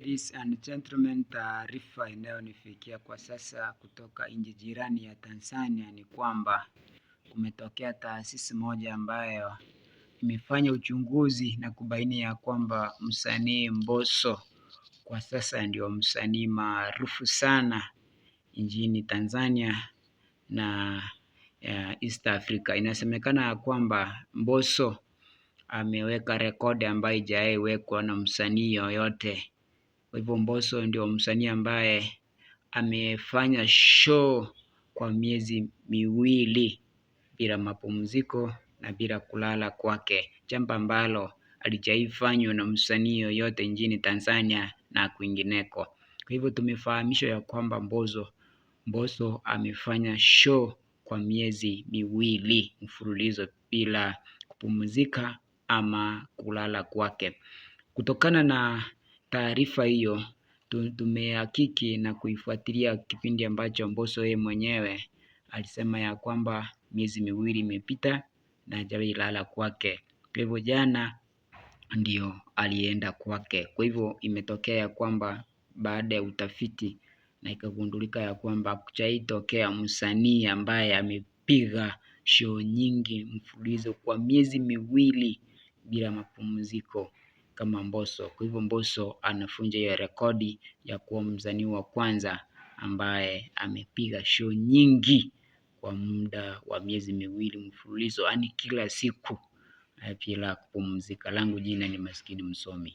Ladies and gentlemen, taarifa inayonifikia kwa sasa kutoka nchi jirani ya Tanzania ni kwamba kumetokea taasisi moja ambayo imefanya uchunguzi na kubaini ya kwamba msanii Mbosso kwa sasa ndio msanii maarufu sana nchini Tanzania na East Africa. Inasemekana ya kwamba Mbosso ameweka rekodi ambayo haijawahi wekwa na msanii yoyote kwa hivyo Mbosso ndio msanii ambaye amefanya show kwa miezi miwili bila mapumziko na bila kulala kwake, jambo ambalo alijaifanywa na msanii yoyote nchini Tanzania na kwingineko. Kwa hivyo tumefahamishwa ya kwamba Mbosso Mbosso amefanya show kwa miezi miwili mfululizo bila kupumzika ama kulala kwake. Kutokana na taarifa hiyo tumehakiki na kuifuatilia kipindi ambacho Mbosso yeye mwenyewe alisema ya kwamba miezi miwili imepita na hajawahi lala kwake. Kwa hivyo jana ndio alienda kwake. Kwa hivyo imetokea ya kwamba baada ya utafiti na ikagundulika ya kwamba kuchaitokea msanii ambaye amepiga show nyingi mfululizo kwa miezi miwili bila mapumziko kama Mbosso. Kwa hivyo Mbosso anafunja hiyo rekodi ya kuwa msanii wa kwanza ambaye amepiga show nyingi kwa muda wa miezi miwili mfululizo, yaani kila siku eh, bila kupumzika. Langu jina ni Maskini Msomi.